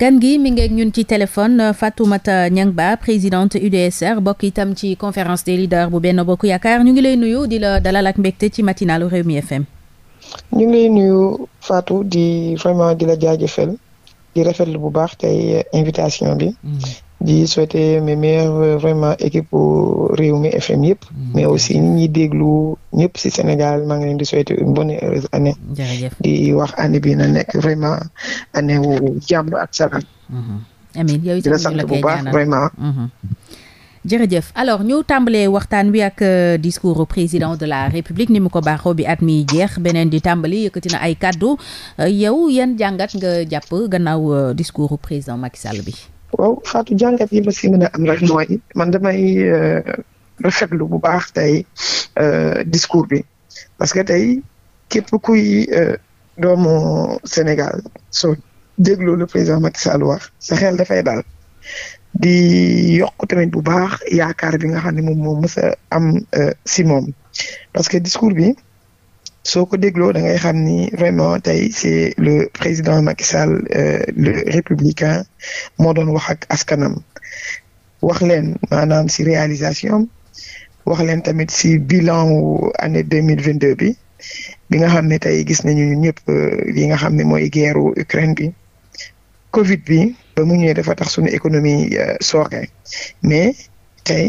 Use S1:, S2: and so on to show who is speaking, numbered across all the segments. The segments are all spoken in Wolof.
S1: gan gi mi ngeeg ñun ci téléphone Fatoumata Niang Ba présidente UDSR bokk itam ci conférence des leaders bu benn Bokk Yaakaar ñu ngi lay nuyu di la dalal ak mbégte ci matinalu Rewmi FM.
S2: ñu ngi lay nuyu Fatou di vraiment dila la jaajëfal di rafetlu bu baax tey invitation bi. Mm. di souhaiter mes meilleurs vraiment équipe Rewmi FM yëpp. Mm. mais aussi ñi déglu ñëpp si Sénégal maa ngi leen di souhaiter une bonne et heureuse année. di wax année bi na nekk vraiment année wu jàmm ak salaam. Mm-hmm.
S1: amiin yow itam sant bu baax vraiment. Mm-hmm. jërëjëf alors ñu tàmbalee waxtaan wi ak euh, discours président de la république ni mu ko baaxoo bi at mi jeex beneen di tàmbali yëkkati na ay kàddu euh, yow yan jàngat nga jàpp gannaaw euh, discours président Macky Sall bi.
S2: waaw Fatou jàngat yi ma si am rek mooy man damay euh, rafetlu bu baax tey euh, discours bi parce que tey képp kuy euh, doomu Sénégal so dégloo le président Macky Sall wax sa xel dafay daal di yokk tamit bu baax yaakaar bi nga xam ne moom moo mës am si parce que discours bi. soo ko dégloo da ngay xam ni vraiment tey c'est le président Macky Sall euh, le républicain moo doon wax ak askanam wax leen maanaam si réalisation wax leen tamit si bilan wu année mille vingt deux bi bi nga xam ne tey gis nañu ñun ñëpp euh, li nga xam ni mooy guerre Ukraine bi Covid bi ba mu ñëwee tax suñu économie euh, sooxe mais tey.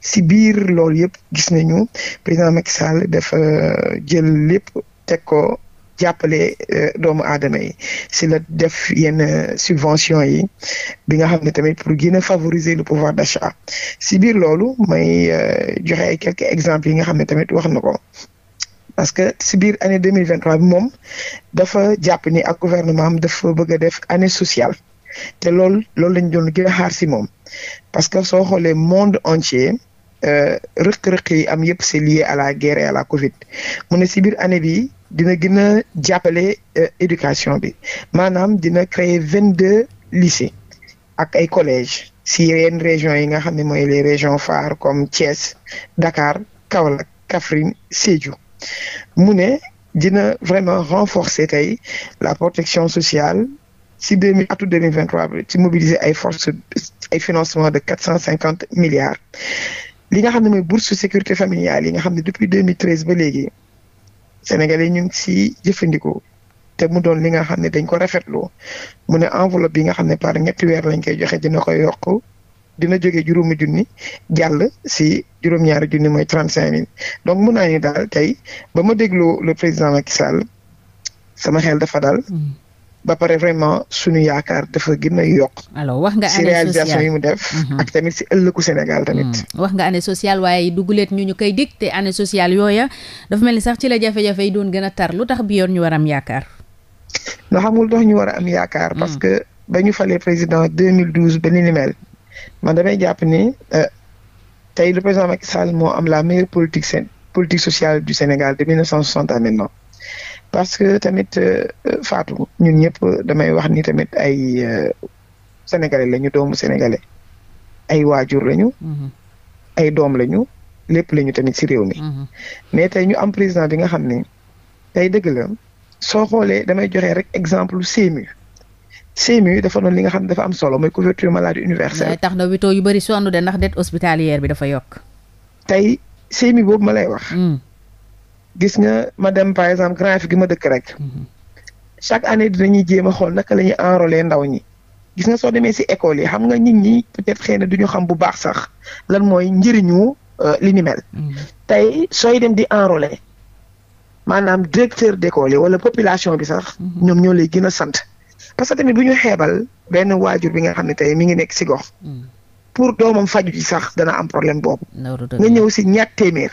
S2: si biir loolu yëpp gis nañu président Macky Sall dafa euh, jël lépp teg ko jàppale euh, doomu aadama yi si la def yenn euh, subvention yi bi nga xam ne tamit pour gën favoriser le pouvoir d'achat si biir loolu may joxe ay quelques exemples yi nga xam ne tamit wax na ko parce que si biir année deux mille vingt bi moom dafa jàpp ni ak gouvernement am dafa bëgg a def année sociale te loolu loolu lañ doon gën a xaar si moom parce que soo xoolee monde entier Euh, rëq-rëq yi am yëpp c'est lié à la guerre et à la Covid mu ne si biir année bi dina gën a jàppale euh, éducation bi maanaam dina créer vingt deux lycées ak ay collèges si yenn régions yi nga xam ne mooy les régions phares comme Thiès Dakar Kaolack Kaffrine Sédhiou mu ne dina vraiment renforcer tey la protection sociale si deux mille atum deux mille vingt trois bi ci mobiliser ay force ay financements de quatre cent cinquante milliards. li nga xam ne mooy bourse sécurité familiale yi nga xam ne depuis 2013 ba léegi sénégalais ñu ngi si jëfandikoo te mu doon li nga xam ne dañ ko rafetloo mu ne enveloppe yi nga xam ne par ñetti weer lañ koy joxe dina ko yokk dina jóge juróomi junni jàll si juróom-ñaari junni mooy trente cinq mille donc mun naa ñu daal tey ba ma dégloo le président Macky Sall sama xel dafa daal. Hmm. ba pare vraiment suñu yaakaar dafa gën a yokk.
S1: alors wax nga année sociale si réalisation mu def.
S2: Mhm. ak tamit si ëllëgu Sénégal tamit. Mhm.
S1: wax nga année sociale waaye duguleet ñu ñu koy dig te année sociale yooya dafa mel ni sax ci la jafe-jafe doon gën a tar lu tax bi yoon ñu war am yaakaar.
S2: noo xamul dox ñu war a am yaakaar. parce mhm. que ba ñu falee président 2012 ba ni ni mel man damay jàpp ni euh, tey lu président Macky Sall moo am la meilleure politique seen politique sociale du Sénégal de 1960 à maintenant. parce que tamit euh, faatu ñun ñëpp damay wax ni tamit ay euh, sénégalais lañu doomu sénégalais ay waajur lañu. Mm-hmm. ay doom lañu lépp lañu tamit ci réew mi. Mm-hmm. mais tey ñu am président bi nga xam ne tey dëgg la soo xoolee damay joxe rek exemple lu CMU. CMU dafa doon li nga xam ne dafa am solo mooy couverture maladie universelle.
S1: tax na hôpitaux yu bëri sonn de ndax dette hospitalière bi dafa yokk.
S2: tey CMU boobu ma lay wax. Mm. gis nga ma dem par exemple grand fi gi ma dëkk rek mhm. chaque année dinañuy jéem a xool naka la ñuy ndaw ñi gis nga soo demee ci école yi xam nga nit ñi peut-être xëy na duñu xam bu baax sax lan mooy njëriñu euh, li ni mel mhm. sooy dem di enrôler maanaam directeur d'école yi wala population bi sax mhm. ñoom ñoo lay gën a sant parce que tamit bu ñu xeebal benn waajur bi nga xam ne tey mi ngi nekk ci gox pour doomam faju ji sax dana am problème boobu nga ñëw ci ñaat téeméer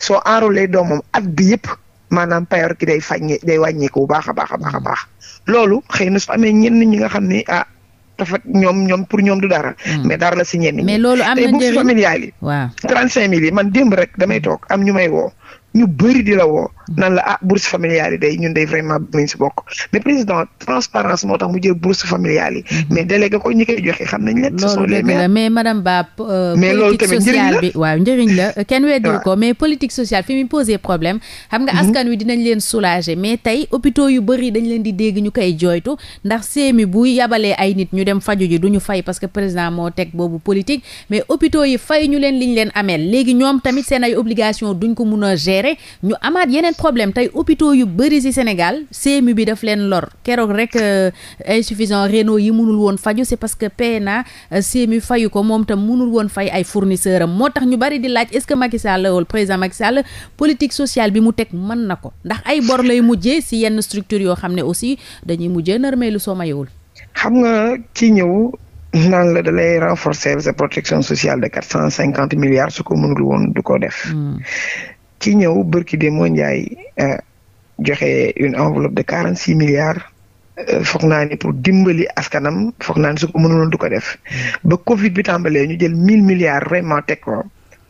S2: soo enrôler doomam at bi yëpp maanaam payor ki day fañ day wàññeeku bu baax a baax a baax a mm. baax loolu xëy na su amee ñenn ñi nga xam ni ah dafa ñoom ñoom pour ñoom du dara. Mm. mais dara la si ñenn ñi. mais loolu am na njëriñ tey bourse familiale yi. waaw man démb rek damay toog am ñu may woo ñu bëri di la woo nan la ah bourse familiale yi day ñun day vraiment bëgg si bokk mais président transparence moo tax mu jël bourse familiale
S1: yi mm-hmm. mais délégué
S2: ko ñi koy joxe xam nañ
S1: ñu koy jooytu ndax seemi bu yabalee ay nit ñu dem faju ji du ñu fay parce que président moo teg boobu politique mais hôpitaux yi fay ñu leen liñ leen ameel léegi ñoom tamit seen ay obligation duñ ko mun a gérer géré ñu amaat yeneen problème tey hôpitaux yu bëri ci Sénégal CMU bi daf leen lor keroog rek euh, insuffisants rénaux yi mënul woon faju c'est parce que PNA euh, CMU fayu ko moom tam mënul woon fay ay fournisseur am moo tax ñu bëri di laaj est-ce que Macky Sall wala président Macky Sall politique sociale bi mu teg mën na ko ndax ay bor lay mujje ci yenn structure yoo xam ne aussi dañuy mujjee nërmee lu soo mayewul xam
S2: nga ki ñëw naan la da lay renforcer sa protection sociale de quatre cent cinquante milliards su ko mënul woon du ko def hmm. ci ñëw bërki de moo njaay euh, joxe une enveloppe de quarante six milliards euh, foog naa ni pour dimbali askanam foog naa ni su ko mënuloon du ko def ba Covid bi tàmbalee ñu jël mille milliards vraiment teg ko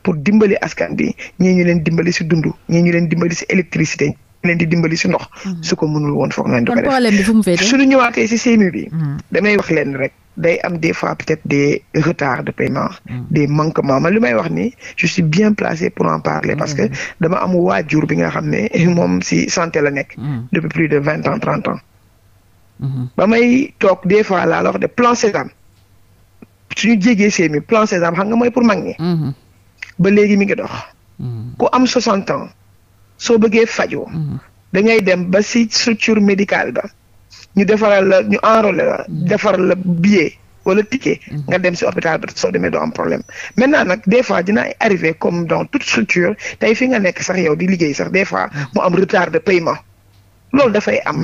S2: pour dimbali askan bi ñii ñu leen dimbali si dund ñii ñu leen dimbali si électricité leen di dimbali si ndox. Mhm. su ko mënul woon foofu noonu. du ko def bi fu fee dee. su ñu ñëwaatee si CMU bi. Mhm. damay wax leen rek day am des fois peut-être des retards de paiement. Mhm. de manquement man li may wax ni je suis bien placé pour en parler. parce que dama am waajur bi nga xam ne moom si santé la nekk. depuis plus de vingt ans trente ans. ba may toog des fois la wax de plan Sésame suñu jégee CMU plan Sésame xam nga mooy pour mag ñi. ba léegi mi ngi dox. ku am soixante ans. soo bëggee fajoo mm-hmm. da ngay dem ba si structure médicale ba ñu defaral la ñu enrôler la mm-hmm. defaral la billet wala ticket mm-hmm. nga dem si hôpital ba soo demee doo am problème maintenant nag des fois ay arriver comme dans tout structure tey fi nga nekk sax yow di liggéey sax des fois mu am retard de paiement loolu dafay am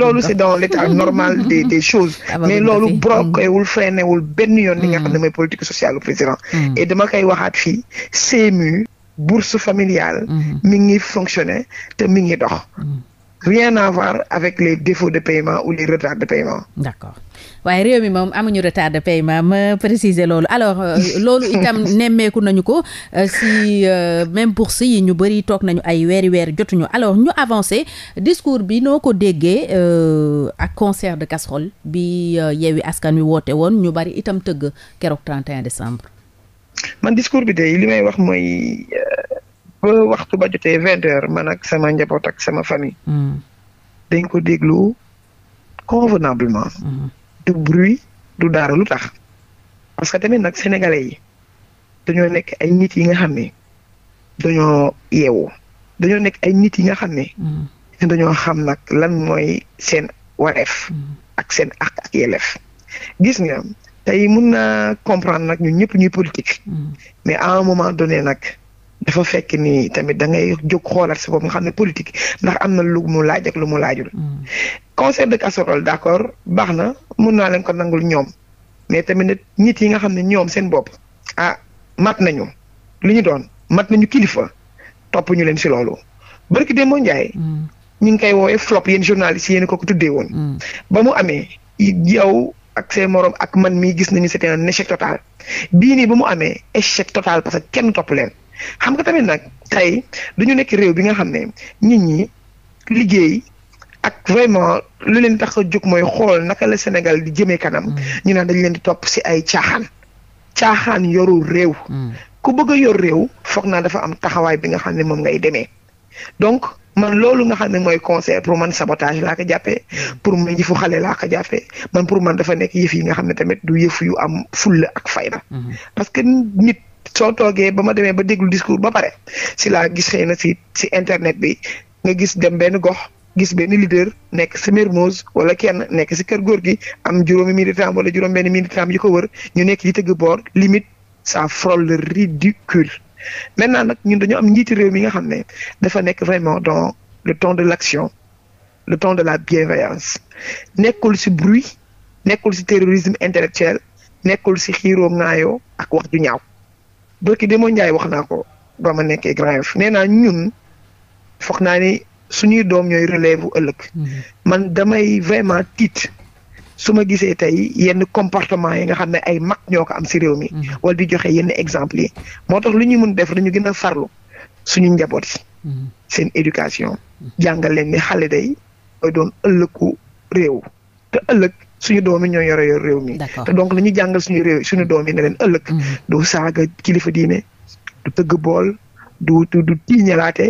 S2: loolu c'est dans l'état normal des des choses mais loolu broquewul freinéwul benn yoon li nga xam ne mooy politique sociale du président et dama koy waxaat fii CMU bourse familiale mhm. mi ngi fonctionner te mi ngi dox mhm. rien à avec les défauts de paiement ou les retards de paiement d'accord
S1: waaye réew mi moom amuñu retard de paiement ma préciser loolu alors euh, loolu itam nemmeeku nañu ko euh, si euh, même bourse yi ñu bëri toog nañu ay weeri weer jotuñu alors ñu avancé discours bi noo ko déggee ak concert de casserole bi Yewwi Askan Wi woote woon ñu bëri itam tëgg keroog 31 décembre
S2: man discours bi de li may wax ba waxtu ba jotee vingt heures man ak sama njaboot ak sama famille. Hmm. dañ ko déglu convenablement. Hmm. du bruit du dara lu tax. parce que tamit nag sénégalais yi dañoo nekk ay nit yi nga xam ne dañoo yeewu dañoo nekk ay nit yi nga xam ne. Hmm. dañoo xam nag lan mooy seen wareef. ak seen ak ak yelleef. gis nga tey mun na comprendre nag ñun ñëpp ñuy politique. mais à moment donné nag. dafa fekk nii tamit da ngay jóg xoolaat sa bopp nga xam ne politique ndax am na lu mu laaj ak lu mu laajul. Mm. concert de casserole d' accord baax na mun naa leen ko nangul ñoom mais tamit nit yi nga xam ne ñoom seen bopp ah mat nañu li ñu doon mat nañu kilifa topp ñu leen si loolu barki Demba Ndiaye. Mm. ñu ngi koy woowee flop yéen journaliste yéen ko ko tuddee woon. Mm. ba mu amee yow ak seen morom ak man mii gis nañu c'était un échec total bii nii ba mu amee échec total parce que kenn topp leen. xam nga tamit nag tey ñu nekk réew bi nga xam ne nit ñi liggéey ak vraiment lu leen tax a jóg mooy xool naka la Sénégal di jëmee kanam. Mm. ñu naan dañ leen di topp si ay caaxaan. caaxaan yoru réew. Mm. ku bëgg a yor réew foog naa dafa am taxawaay bi nga xam ne moom ngay demee donc man loolu nga xam ne mooy conseil pour man sabotage laa ko jàppee mm. pour man yëfu xale laa ko jàppee man pour man dafa nekk yëf yi nga xam ne tamit du yëf yu am fulla ak fayda mm-hmm. parce soo toogee ba ma demee ba déglu discours ba pare si la gis xëy na si si internet bi nga gis dem benn gox gis benn leader nekk si Mermoz wala kenn nekk si kër góor gi am juróomi militant wala juróom benn militant yu ko wër ñu nekk di tëgg boor limite ça frôle le ridicule maintenant nag ñun dañoo am njiiti réew mi nga xam ne dafa nekk vraiment dans le temps de l'action le temps de la bienveillance nekkul si bruit nekkul si terrorisme intellectuel nekkul si xiiroo ŋaayoo ak wax ju ñaaw barki demoo Ndiaye wax naa ko ba ma nekkee Grand Yoff nee naa ñun foog naa ni suñuy doom ñooy relève bu ëllëg. Mm-hmm. man damay vraiment tiit su ma gisee tey yenn comportement yi nga xam ne ay mag ñoo ko am si réew mi. Mm-hmm. wala di joxe yenn exemple yi moo tax lu ñuy mun def dañu gën a farlu suñu njaboot mm-hmm. seen éducation. jàngal leen xale day doon ëllëgu réew te ëllëg. suñu doom yi ñoo yore yor réew mi te donc li ñu jàngal suñu réew suñu doom yi ne leen ëllëg mm-hmm. du saaga kilifa diine du tëgg bool du du du tiiñalaate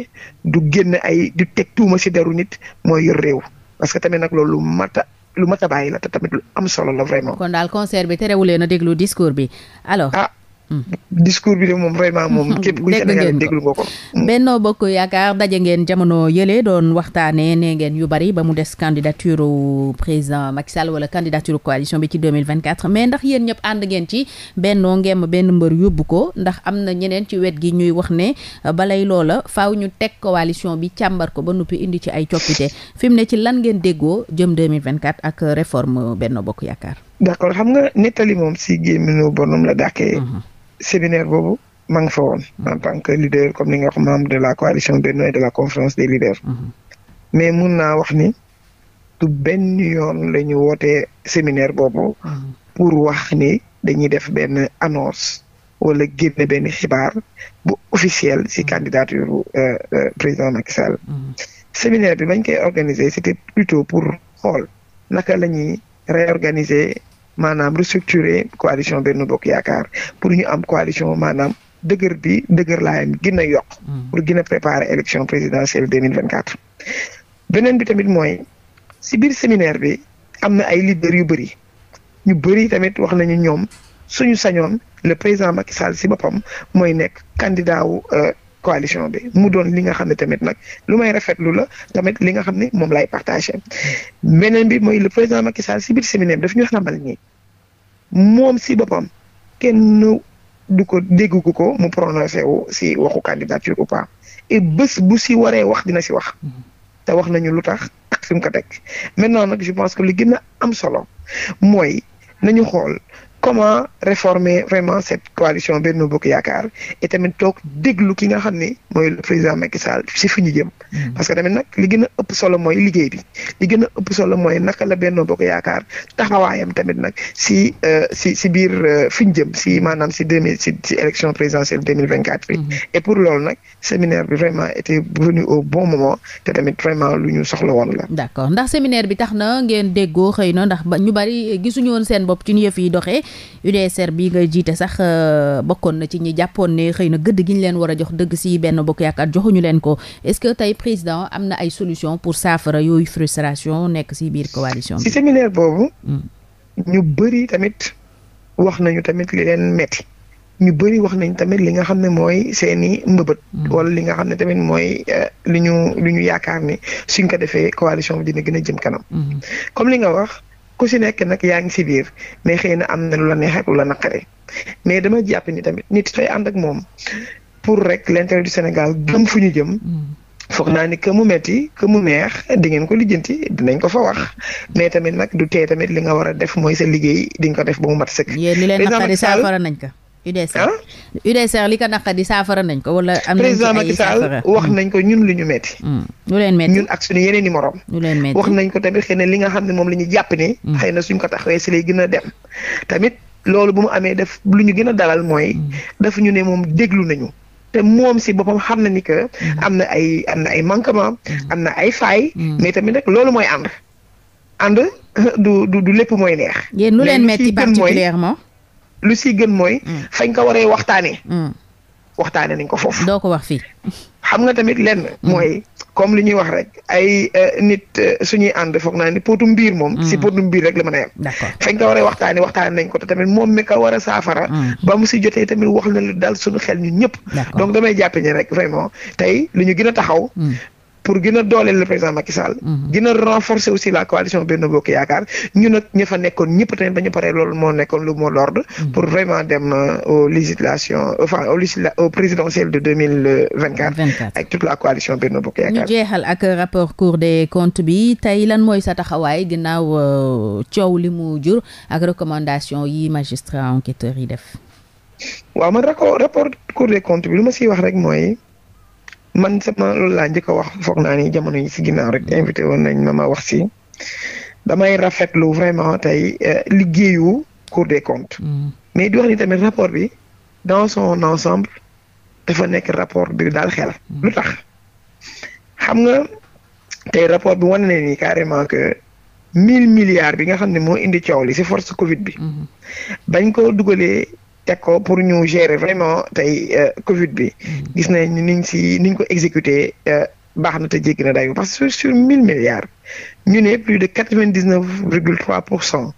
S2: du génn ay du teg tuuma si deru nit mooy yor réew parce que tamit nag loolu mata lu mat a bàyyi la te tamit lu am solo la vraiment.
S1: kon daal concert bi leen a déglu discours bi alors. Ah, discours bi de moom vraiment
S2: moom. képp ku Sénégal déglu nga ko.
S1: Mm. Benno Bokk Yaakaar daje ngeen jamono yële doon waxtaanee nee ngeen yu bari ba mu des candidature président Macky Sall wala candidature coalition bi ci deux mille vingt quatre mais ndax yéen ñëpp ànd ngeen ci bennoo ngeem benn mbër yóbbu ko ndax am na ñeneen ci wet gi ñuy wax ne euh, balay loola faaw ñu teg coalition bi càmbar ko ba noppi indi ci ay coppite fi mu ne ci lan ngeen déggoo jëm deux mille vingt quatre ak réforme Benno Bokk Yaakaar.
S2: d'accord nga nettali moom séminaire boobu maa ngi fa woon mm-hmm. en tant que leader comme ni nga wax membre de la coalition Benno et de la conférence des leaders mm-hmm. mais mun naa wax ni du benn yoon la ñu wootee séminaire boobu mm-hmm. pour wax ni dañuy def benn annonce wala génne benn xibaar bu officiel ci candidature euh, euh, président Macky Sall séminaire bi bañ koy organiser c'était plutôt pour xool naka la ñuy maanaam restructurer coalition Benno Bokk Yaakaar pour ñu am coalition maanaam dëgër bi dëgër laayam gën a yokk hmm. pour gën a préparer élection présidentielle 2024 beneen bi tamit mooy si biir séminaire bi am na ay leaders yu bëri ñu bëri tamit wax nañu ñoom suñu sañoon le président Macky Sall si boppam mooy nekk candidat euh, coalition bi mu doon li nga xam ne tamit nag lu may rafetlu la tamit li nga xam ne moom laay partagé meneen bi mooy le président Macky Sall si biir séminaire daf ñu xamal ni moom si boppam kenn du ko dégg ko mu prononcé wu si waxu candidature ou pas et bés bu si waree wax dina si wax te wax nañu lu tax ak fi mu ko teg maintenant nag je pense que li gën a am solo mooy nañu xool comment réformer vraiment cette coalition Benno Bokk Yaakaar et tamit toog déglu ki nga xam ne mooy le président Macky Sall si fi ñu jëm. Mm-hmm. parce que tamit nag li gën a ëpp solo mooy liggéey li gën a ëpp solo mooy naka la Benno Bokk Yaakaar taxawaayam tamit nag si euh, si si biir euh, fi ñu jëm si maanaam si deux mille si si élection présidentielle deux mm-hmm. et pour loolu nag séminaire bi vraiment était venu au bon moment te tamit vraiment lu ñu soxla woon la.
S1: d'accord ndax séminaire bi tax na ngeen déggoo xëy na ndax ñu bari gisuñu woon seen bopp ci ñu yëf yi doxee. UDSR bi nga jiite sax euh, bokkoon na ci ñi jàppoon ne xëy na gëdd gi ñu leen war a jox dëgg si benn bokk yaakaar joxuñu leen ko est-ce que tey président am na ay solution pour saafara yooyu frustration nekk si biir coalition bi. si
S2: séminaire boobu. Hmm. ñu bëri tamit wax nañu tamit li leen metti ñu bëri wax nañ tamit li nga xam ne mooy seeni mbëbët. Hmm. wala li nga xam ne tamit mooy euh, li ñu li ñu yaakaar ni suñ ko defee coalition bi dina gën a jëm kanam. Hmm. comme li nga ku si nekk nag yaa ngi si biir mais xëy na am na lu la neex ak lu la naqare mais dama jàpp ni tamit nit sooy ànd ak moom pour rek l'intérêt du Sénégal gëm fu ñu jëm. Mm. foog naa ni que mu metti que mu neex di ngeen ko lijjanti dinañ ko fa wax mais tamit nag du tee tamit li nga war a def mooy sa liggéey di ko def ba mu mat sëkk. yéen li leen naqari saafara nañ
S1: ko. UDSR ah? UDSR li ko di saafara nañ ko wala am président Macky Sall wax hmm. nañ
S2: ko ñun lu ñu metti hmm. lu leen metti ñun ak suñu yeneen i morom leen metti wax nañ ko tamit xëy na li nga xam ne moom la jàpp ne hmm. xëy na suñ ko taxawee si lay gën a dem tamit loolu bu mu amee def lu ñu gën a dalal mooy dafa ñu ne moom déglu nañu te moom si boppam xam na ni que am na ay am na ay manquement am na ay failles mais tamit nag loolu mooy ànd ànd du du lépp mooy neex yéen lu leen metti particulièrement lu si gën mooy. Mm. fañ ko waree waxtaanee. Mm. waxtaanee
S1: nañ ko foofu. doo ko wax fii.
S2: xam nga tamit lenn. Mm. mooy comme li ñuy wax rek ay euh, nit euh, suñuy ànd foog naa ni potu mbiir moom. si potu mbiir rek la mën a yem. d'accord fañ ko waree waxtaanee waxtaanee nañ ko te tamit moom mi ko war a saafara. ba mu si jotee tamit wax na lu dal suñu xel ñun ñëpp. donc damay jàpp ni rek vraiment tey lu ñu gën a taxaw. pour gën a dooleel le président Macky Sall. Mhm. gën a renforcer aussi la coalition Benno Bokk Yaakaar ñu nag ña fa nekkoon ñëpp tamit ba ñu paree loolu moo nekkoon lu moo l'ordre mhm. pour vraiment dem euh, aux législations enfin au législa au présidentiel de deux mille vingt quatre ak toute la coalition Benno Bokk Yaakaar. ñu
S1: jeexal ak rapport Cour des comptes bi tey lan mooy sa taxawaay ginnaaw euh, coow li mu jur ak recommandation yi magistrat enquêteurs yi def.
S2: waaw man rapport Cour des comptes bi lu ma siy wax rek mooy. man sama loolu laa njëkk a wax foog naa ni jamono yi si ginnaaw rek invité woon nañ ma ma wax si damay rafetlu vraiment tey euh, liggéeyu Cour des comptes. Mm. mais di wax ni tamit rapport bi dans son ensemble dafa nekk rapport bi daal xel. Mm. lu tax xam nga tey rapport bi wane na ni carrément que mille milliards bi nga xam ne moo indi coow li si force Covid bi. Mm-hmm. bañ ko dugalee. teg ko pour ñu gérer vraiment tey euh, Covid bi mm-hmm. gis nañ ni niñ si niñ ko exécuté euh, baax na te jéggi na day parce que sur mille milliards ñu ne plus de quatre vingt dix neuf virgule trois pour cent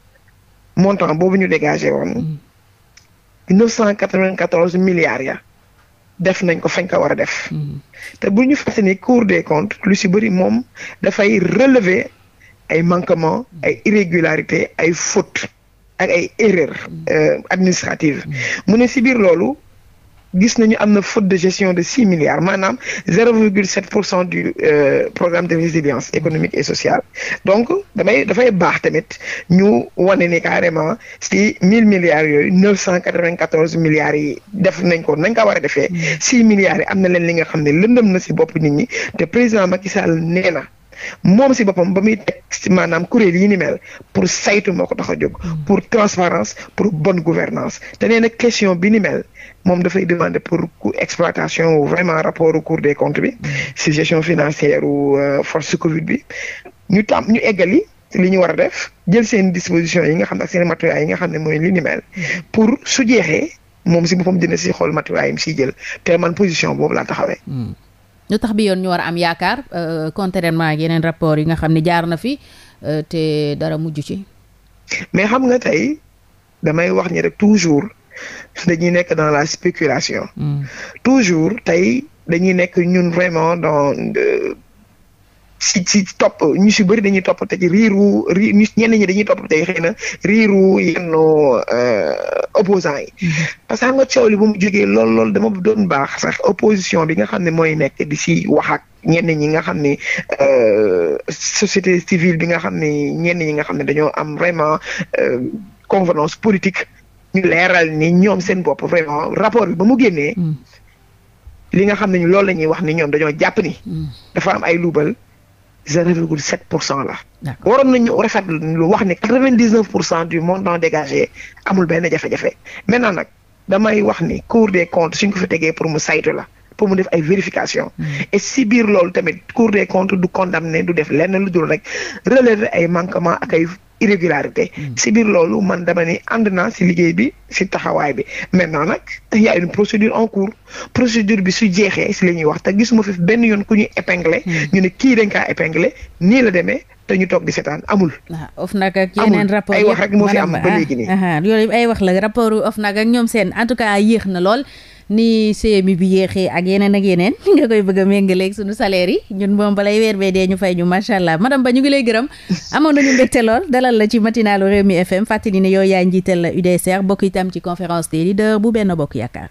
S2: montant boobu ñu dégagé woon mm-hmm. neuf cent quatre vingt milliards ya def nañ ko fañ ko war a def mm-hmm. te bu ñu fàtte ni Cour des comptes lu si bëri moom dafay relever ay manquements ay irrégularités ay fautes ak ay erreur mm. euh, administrative mu ne si biir loolu gis nañu am na faute de gestion de six milliards maanaam zéro virgule sept pour cent du euh, programme de résilience économique et sociale donc damay dafay baax tamit ñu wane ni carrément si mille milliards yooyu neuf cent quatre vingt quatorze milliards yi def nañ ko nañ ko war a defee mm. six milliards yi am na leen li nga xam ne lëndëm na si bopp nit ñi te président Macky Sall nee na moom si boppam ba muy teg si maanaam kuréel yi ni mel pour saytu moo ko tax a jóg. Mm. pour transparence pour bonne gouvernance te nee question bi ni mel moom dafay demander pour exploitation vraiment rapport au cours des comptes bi mm. si gestion financière ou euh, force Covid bi ñu tam ñu eggali li ñu war a def jël seen disposition yi nga xam ne ak seen matuwaay yi nga xam ne mooy li ni mel mm. pour su jeexee moom si boppam dina si xool matuwaayam si jël te man position boobu laa taxawee.
S1: lu tax bi yoon ñu war a am yaakaar euh, contrairement ak yeneen rapport yi nga xam ne jaar na fi euh, te dara mujj ci.
S2: mais xam nga tey damay wax ni rek toujours dañuy nekk dans la spéculation. Hmm. toujours tey dañuy nekk ñun vraiment dans. Euh, si si topp ñu si bëri dañuy topp te ci riiru ri ñenn ñi dañuy topp tey xëy na riiru yenn euh, opposants yi mm-hmm. parce que nga coow li ba mu jógee lool lool dama doon baax sax opposition bi nga xam ne mooy nekk di si wax ak ñenn ñi nga xam ne euh, société civile bi nga xam ne ñenn ñi nga xam ne dañoo am vraiment euh, convenance politique ñu leeral ni ñoom seen bopp vraiment rapport bi ba mu génnee mm. li nga xam ne loolu la ñuy wax ni ñoom dañoo jàpp ni mm. dafa am ay luubal zéro virgule sept pour cent la. waroon nañu rafetlu lu wax ne du montant dégagé amul benn jafe-jafe maintenant nag damay wax ni cour de comptes suñ ko fa tegee pour mu saytu la. pour mu def ay vérification hmm. et si biir loolu tamit cour des comptes du condamné du def lenn lu dul rek relever ay manquement irrégularité hmm. si biir loolu man dama ni ànd naa si liggéey bi si taxawaay bi maintenant nag te a une procédure en cours procédure bi su jeexee si la ñuy wax te gisuma fi benn yoon ku ñu épinglé hmm. ñu ne kii dañ kaa épinglé nii la demee te ñu toog di seetaan amul.
S1: Ah, OFNAC ak yeneen rapport ay wax rek moo fi am ba léegi ah, ah, ay wax la rapport OFNAC ak ñoom seen en tout yéex na lool. ni CMU bi yéexee ak yeneen ak yeneen nga koy bëgg a méngaleeg suñu salaire yi ñun moom balay weer bee dee ñu fay ñu macha allah madame Ba ñu ngi lay gërëm amoon nañu mbégte lool dalal la ci matinalu Rewmi FM fàttali ne yow yaay njiital UDSR bokk itam ci conférence des leaders bu benn bokk yaakaar.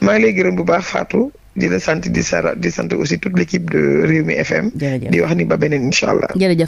S2: maa ngi lay gërëm bu baax Fatou.
S1: di la sant di sa di sant aussi toute l'équipe de mi FM. di wax ni ba beneen incha allah. jërëjëf.